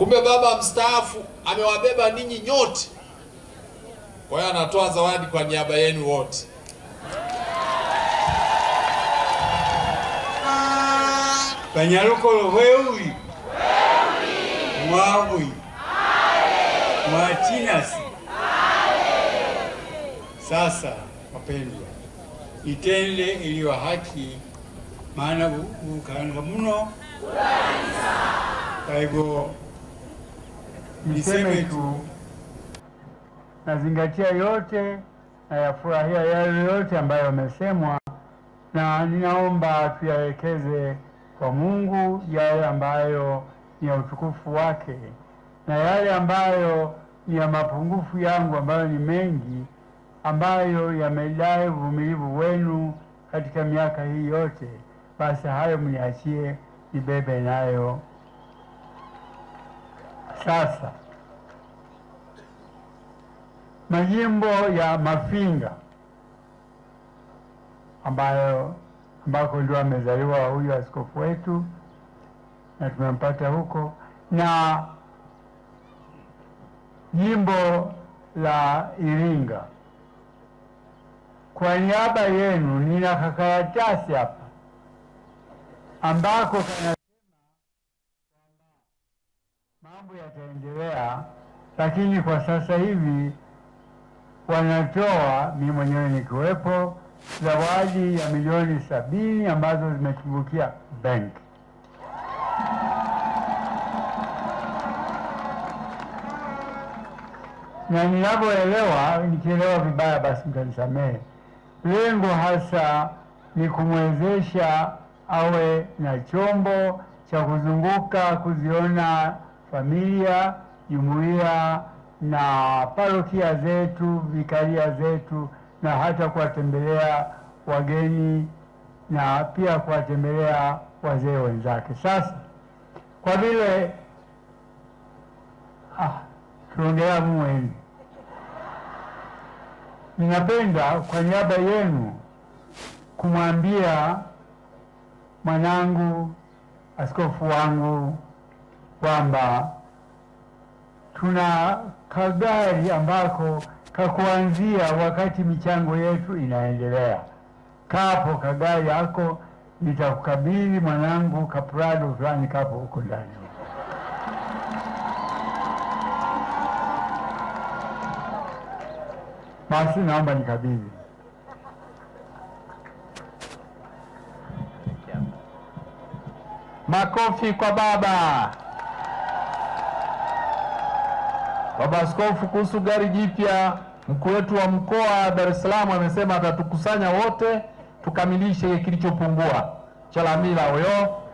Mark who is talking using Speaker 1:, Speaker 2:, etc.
Speaker 1: Kumbe baba mstaafu amewabeba ninyi nyote, kwa hiyo anatoa zawadi kwa niaba yenu wote. Banyarukolo wewi mwawi mwatinasi. Sasa wapendwa, itende iliyo haki, maana ukanga muno kaigo Niseme tu nazingatia yote na yafurahia yale yote ambayo yamesemwa, na ninaomba tuyawekeze kwa Mungu yale ambayo ni ya utukufu wake na yale ambayo ni ya mapungufu yangu ambayo ni mengi ambayo yamedai uvumilivu wenu katika miaka hii yote, basi hayo mniachie nibebe nayo. Sasa majimbo ya Mafinga ambayo ambako ndio amezaliwa huyu askofu wetu na tumempata huko, na jimbo la Iringa. Kwa niaba yenu nina kakaratasi hapa ambako kana mambo yataendelea, lakini kwa sasa hivi wanatoa, mimi mwenyewe nikiwepo, zawadi ya milioni sabini ambazo zimetumbukia bank. na ninavyoelewa, nikielewa vibaya basi mtanisamehe. Lengo hasa ni kumwezesha awe na chombo cha kuzunguka kuziona familia, jumuiya na parokia zetu, vikaria zetu, na hata kuwatembelea wageni na pia kuwatembelea wazee wenzake. Sasa kwa vile ah, tuongea mweni, ninapenda kwa niaba yenu kumwambia mwanangu askofu wangu kwamba tuna kagari ambako kakuanzia wakati michango yetu inaendelea. Kapo kagari yako nitakukabidhi mwanangu, kaprado fulani kapo huko ndani. Basi naomba nikabidhi. Makofi kwa baba. Baba Askofu, kuhusu gari jipya, mkuu wetu wa mkoa Dar es Salaam amesema atatukusanya wote tukamilishe kilichopungua. Chalamila huyo